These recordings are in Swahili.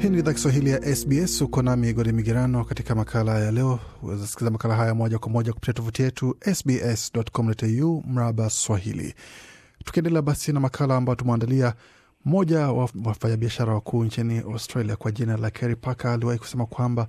Hii ni idhaa Kiswahili ya SBS. Uko nami Gode Migerano katika makala ya leo. Waweza makala haya moja kwa moja kupitia tovuti yetu sbs.com.au mraba swahili. Tukiendelea basi na makala ambayo tumeandalia, mmoja wa wafanyabiashara wakuu nchini Australia kwa jina la Kerry Packer aliwahi kusema kwamba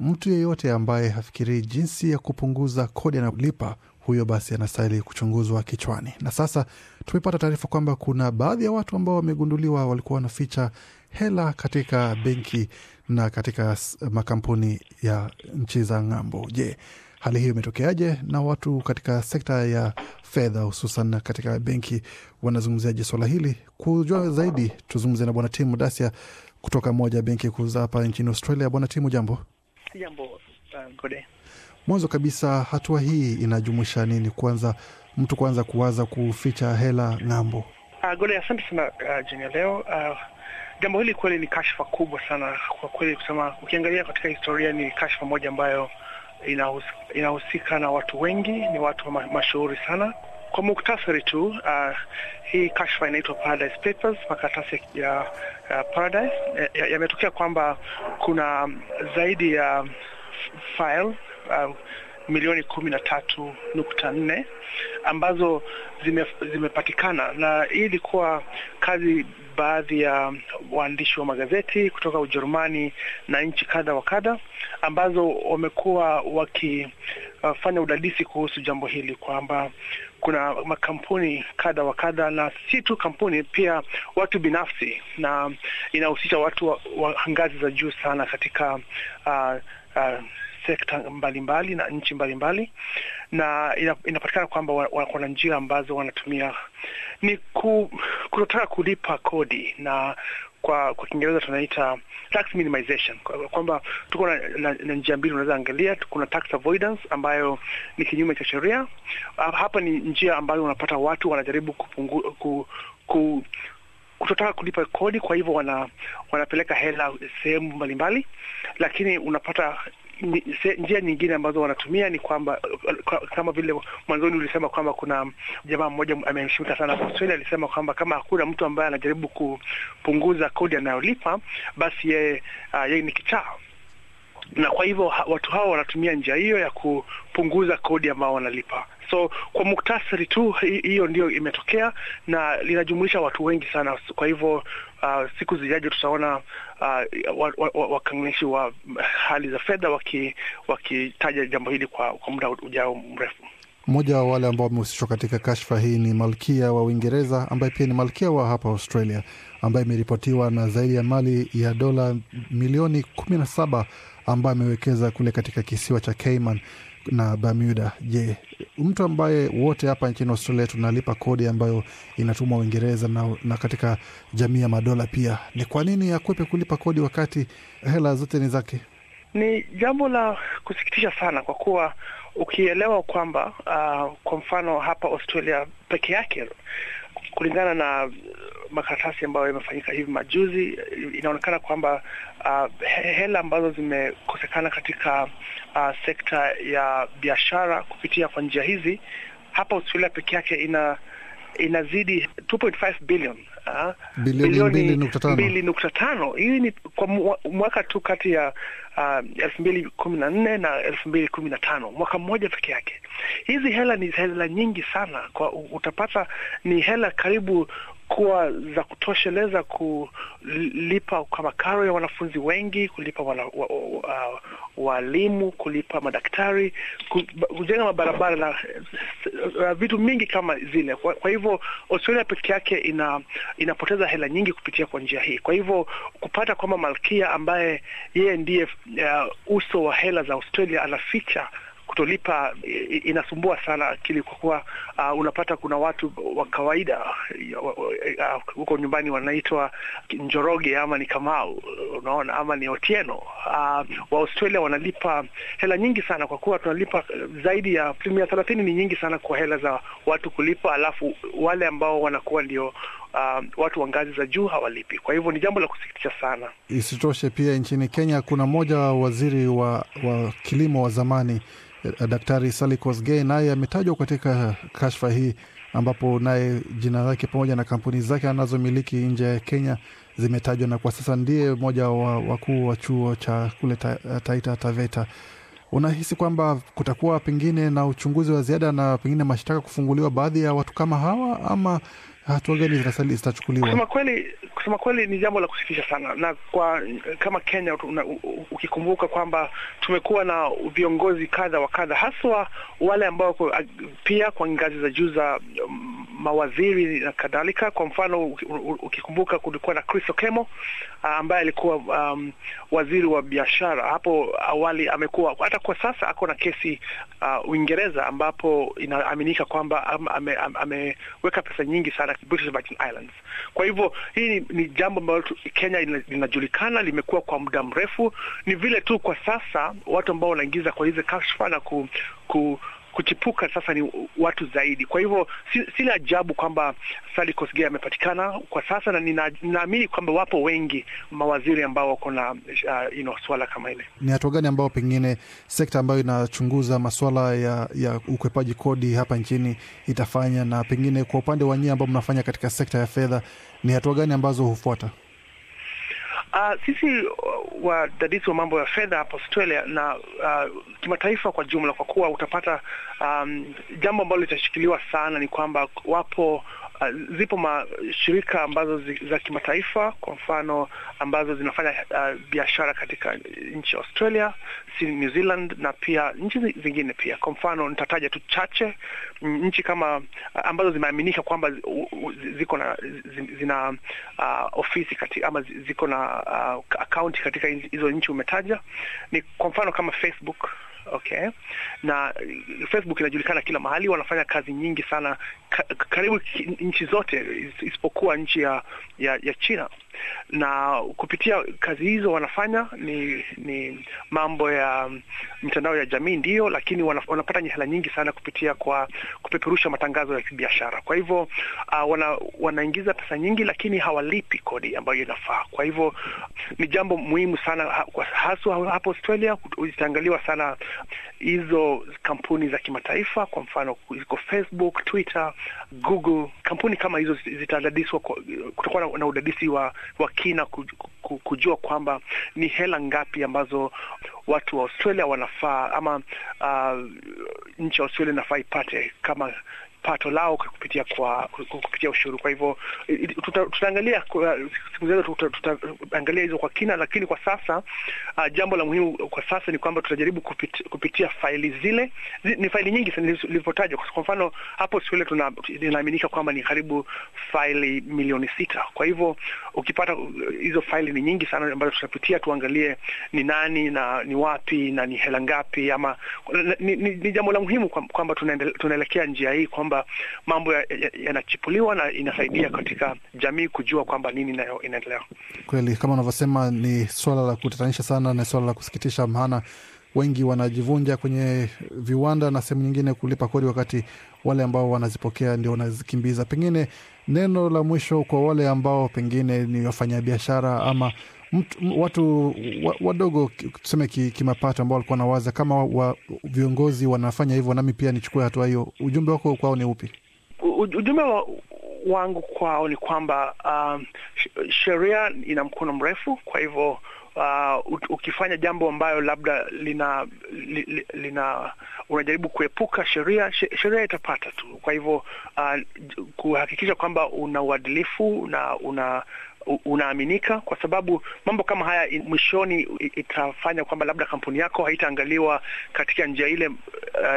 mtu yeyote ambaye hafikirii jinsi ya kupunguza kodi anayolipa huyo basi anastahili kuchunguzwa kichwani. Na sasa tumepata taarifa kwamba kuna baadhi ya watu ambao wamegunduliwa walikuwa wanaficha hela katika benki na katika makampuni ya nchi za ng'ambo. Je, hali hiyo imetokeaje? Na watu katika sekta ya fedha hususan katika benki wanazungumziaje swala hili? Kujua zaidi, tuzungumze na Bwana Timu Dasia kutoka moja benki kuu za hapa nchini Australia. Bwana Timu, jambo. Jambo uh, Mwanzo kabisa, hatua hii inajumuisha nini? Kwanza mtu kwanza kuwaza kuficha hela ng'ambo. Uh, gole, asante sana uh, ah, jeni leo uh, jambo hili kweli ni kashfa kubwa sana kwa kweli kusema, ukiangalia katika historia ni kashfa moja ambayo inahus, inahusika na watu wengi, ni watu wa mashuhuri sana. Kwa muktasari tu uh, hii kashfa inaitwa Paradise Papers, makaratasi ya uh, Paradise yametokea ya kwamba kuna zaidi ya uh, file um, milioni kumi na tatu nukta nne ambazo zime, zimepatikana na hii ilikuwa kazi baadhi ya waandishi wa magazeti kutoka Ujerumani na nchi kadha wa kadha ambazo wamekuwa wakifanya uh, udadisi kuhusu jambo hili kwamba kuna makampuni kadha wa kadha, na si tu kampuni, pia watu binafsi, na inahusisha watu wa, wa ngazi za juu sana katika uh, uh, sekta mbalimbali mbali, na nchi mbalimbali mbali, na inapatikana kwamba wana njia ambazo wanatumia ni ku, kutotaka kulipa kodi na kwa kwa Kiingereza tunaita tax minimization, kwamba tuko na, na, na njia mbili unaweza angalia. Kuna tax avoidance ambayo ni kinyume cha sheria. Ah, hapa ni njia ambayo unapata watu wanajaribu kupungu, ku, ku kutotaka kulipa kodi, kwa hivyo wana, wanapeleka hela sehemu mbalimbali, lakini unapata njia nyingine ambazo wanatumia ni kwamba kama vile mwanzoni ulisema kwamba kuna jamaa mmoja ameheshimika sana kwa Australia, alisema kwamba kama hakuna mtu ambaye anajaribu kupunguza kodi anayolipa basi yeye uh, ah, ye ni kichaa na kwa hivyo watu hao wanatumia njia hiyo ya kupunguza kodi ambao wanalipa. So kwa muktasari tu, hiyo ndio imetokea na linajumulisha watu wengi sana. Kwa hivyo uh, siku zijajo tutaona uh, wakanganishi wa, wa, wa hali za fedha wakitaja waki jambo hili kwa, kwa muda ujao mrefu. Mmoja wa wale ambao wamehusishwa katika kashfa hii ni malkia wa Uingereza ambaye pia ni malkia wa hapa Australia ambaye imeripotiwa na zaidi ya mali ya dola milioni kumi na saba ambaye amewekeza kule katika kisiwa cha Cayman na Bermuda. Je, mtu ambaye wote hapa nchini Australia tunalipa kodi ambayo inatumwa Uingereza na, na katika jamii ya madola pia, ni kwa nini akwepe kulipa kodi wakati hela zote ni zake? Ni jambo la kusikitisha sana kwa kuwa ukielewa kwamba uh, kwa mfano hapa Australia peke yake kulingana na makaratasi ambayo yamefanyika hivi majuzi, inaonekana kwamba uh, hela ambazo zimekosekana katika uh, sekta ya biashara kupitia kwa njia hizi hapa Australia peke yake ina inazidi 2.5 bilioni uh, nukta tano. Hii ni kwa mwaka tu kati ya uh, elfu mbili kumi na nne na elfu mbili kumi na tano mwaka mmoja peke yake. Hizi hela ni hela nyingi sana kwa, utapata ni hela karibu kuwa za kutosheleza kulipa kwa makaro ya wanafunzi wengi, kulipa waalimu wa, wa, wa walimu, kulipa madaktari, kujenga mabarabara na uh, vitu mingi kama zile. Kwa, kwa hivyo Australia peke yake ina, inapoteza hela nyingi kupitia kwa njia hii. Kwa hivyo kupata kwamba malkia ambaye yeye ndiye uh, uso wa hela za Australia anaficha kutolipa inasumbua sana akili kwa kuwa uh, unapata kuna watu wa kawaida huko uh, nyumbani wanaitwa Njoroge ama ni Kamau, unaona ama ni Otieno. Uh, wa Australia wanalipa hela nyingi sana kwa kuwa tunalipa zaidi ya asilimia thelathini. Ni nyingi sana kwa hela za watu kulipa, alafu wale ambao wanakuwa ndio uh, watu wa ngazi za juu hawalipi. Kwa hivyo ni jambo la kusikitisha sana. Isitoshe pia nchini Kenya kuna mmoja wa waziri wa, wa kilimo wa zamani eh, Daktari Sally Kosgei naye ametajwa katika kashfa hii ambapo naye jina lake pamoja na kampuni zake anazomiliki nje ya Kenya zimetajwa, na kwa sasa ndiye mmoja wa wakuu wa chuo cha kule ta, Taita Taveta. Unahisi kwamba kutakuwa pengine na uchunguzi wa ziada na pengine mashtaka kufunguliwa baadhi ya watu kama hawa, ama hatua gani zitachukuliwa? Kusema kweli, kusema kweli ni jambo la kusikitisha sana, na kwa kama Kenya una, ukikumbuka kwamba tumekuwa na viongozi kadha wa kadha, haswa wale ambao pia kwa ngazi za juu za um, mawaziri na kadhalika. Kwa mfano ukikumbuka, kulikuwa na Chris Okemo ambaye alikuwa um, waziri wa biashara hapo awali. Amekuwa hata kwa sasa ako na kesi uh, Uingereza ambapo inaaminika kwamba ameweka ame, ame pesa nyingi sana British Virgin Islands. Kwa hivyo hii ni, ni jambo ambalo Kenya linajulikana limekuwa kwa muda mrefu. Ni vile tu kwa sasa watu ambao wanaingiza kwa hizi kashfa na ku, ku kuchipuka sasa ni watu zaidi. Kwa hivyo si, ajabu kwamba Sally Kosgei amepatikana kwa sasa, na ninaamini kwamba wapo wengi mawaziri ambao wako na uh, you know, swala kama ile. Ni hatua gani ambao pengine sekta ambayo inachunguza maswala ya, ya ukwepaji kodi hapa nchini itafanya, na pengine kwa upande wa nyie ambao mnafanya katika sekta ya fedha, ni hatua gani ambazo hufuata? Ah, uh, sisi wadadisi wa mambo ya fedha hapa Australia na uh, kimataifa kwa jumla, kwa kuwa utapata um, jambo ambalo litashikiliwa sana ni kwamba wapo uh, zipo mashirika ambazo zi, za kimataifa kwa mfano ambazo zinafanya uh, biashara katika nchi ya Australia, New Zealand na pia nchi zingine pia. Kwa mfano nitataja tu chache nchi kama uh, ambazo zimeaminika kwamba ziko na zina uh, ofisi kati, ama ziko na uh, akaunti katika hizo nchi umetaja, ni kwa mfano kama Facebook okay. Na uh, Facebook inajulikana kila mahali, wanafanya kazi nyingi sana ka, karibu nchi zote isipokuwa nchi ya, ya, ya China na kupitia kazi hizo wanafanya ni ni mambo ya mitandao ya jamii ndiyo, lakini wanapata hela nyingi sana kupitia kwa kupeperusha matangazo ya kibiashara. Kwa hivyo uh, wana, wanaingiza pesa nyingi, lakini hawalipi kodi ambayo inafaa. Kwa hivyo ni jambo muhimu sana haswa hapo Australia, itaangaliwa sana hizo kampuni za kimataifa, kwa mfano iko Facebook, Twitter, Google kampuni kama hizo zitadadiswa kutakuwa na, na udadisi wa, wa kina kujua kwamba ni hela ngapi ambazo watu wa Australia wanafaa ama uh, nchi ya Australia inafaa ipate kama pato lao kupitia kwa kupitia ushuru. Kwa hivyo tutaangalia siku zijazo, tutaangalia hizo kwa kina, lakini kwa sasa uh, jambo la muhimu kwa sasa ni kwamba tutajaribu kupitia, kupitia faili zile zi, ni faili nyingi zilizotajwa. Kwa mfano hapo siku ile inaaminika kwamba ni karibu faili milioni sita. Kwa hivyo ukipata hizo faili ni nyingi sana ambazo tutapitia, tuangalie ni nani na ni wapi na ni hela ngapi, ama ni, ni, ni jambo la muhimu kwamba tunaelekea njia hii kwamba kwamba mambo yanachipuliwa ya, ya na inasaidia katika jamii kujua kwamba nini nayo inaendelea. Kweli kama unavyosema, ni swala la kutatanisha sana na swala la kusikitisha, maana wengi wanajivunja kwenye viwanda na sehemu nyingine kulipa kodi, wakati wale ambao wanazipokea ndio wanazikimbiza. Pengine neno la mwisho kwa wale ambao pengine ni wafanyabiashara ama watu wadogo tuseme kimapato ambao walikuwa nawaza kama wa, viongozi wanafanya hivyo, nami pia nichukue hatua hiyo, ujumbe wako kwao ni upi? Ujumbe wa, wangu kwao ni kwamba um, sheria ina mkono mrefu, kwa hivyo Uh, ukifanya jambo ambayo labda lina li, lina unajaribu kuepuka sheria, sheria itapata tu. Kwa hivyo uh, kuhakikisha kwamba una uadilifu na una unaaminika, kwa sababu mambo kama haya mwishoni itafanya kwamba labda kampuni yako haitaangaliwa katika njia ile uh,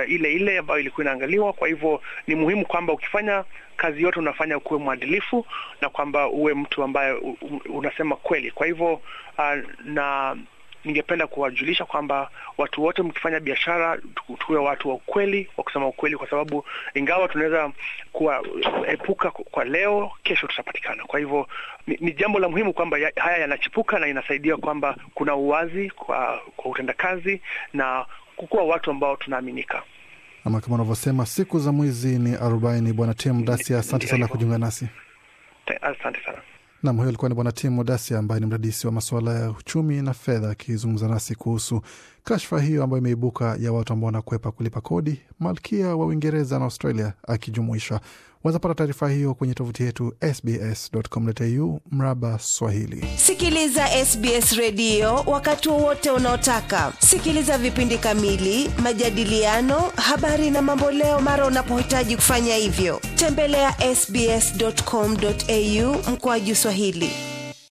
ile ile ambayo ilikuwa inaangaliwa. Kwa hivyo ni muhimu kwamba ukifanya kazi yote unafanya ukuwe mwadilifu na kwamba uwe mtu ambaye unasema kweli. Kwa hivyo uh, na ningependa kuwajulisha kwamba watu wote, mkifanya biashara, tuwe watu wa ukweli, wa kusema ukweli, kwa sababu ingawa tunaweza kuwaepuka kwa leo, kesho tutapatikana. Kwa hivyo ni, ni jambo la muhimu kwamba ya, haya yanachipuka na inasaidia kwamba kuna uwazi kwa, kwa utendakazi na kukuwa watu ambao tunaaminika. Ama kama unavyosema siku za mwizi ni arobaini. Bwana Tim Dasia, asante sana kujiunga nasi. Asante sana. Nam, huyo alikuwa ni Bwana Tim Modasia ambaye ni mdadisi wa masuala ya uchumi na fedha akizungumza nasi kuhusu Kashfa hiyo ambayo imeibuka ya watu ambao wanakwepa kulipa kodi, malkia wa Uingereza na Australia akijumuishwa. Wazapata taarifa hiyo kwenye tovuti yetu sbs.com.au mraba Swahili. Sikiliza SBS redio wakati wowote unaotaka. Sikiliza vipindi kamili, majadiliano, habari na mamboleo mara unapohitaji kufanya hivyo. Tembelea ya sbs.com.au mkoaju Swahili.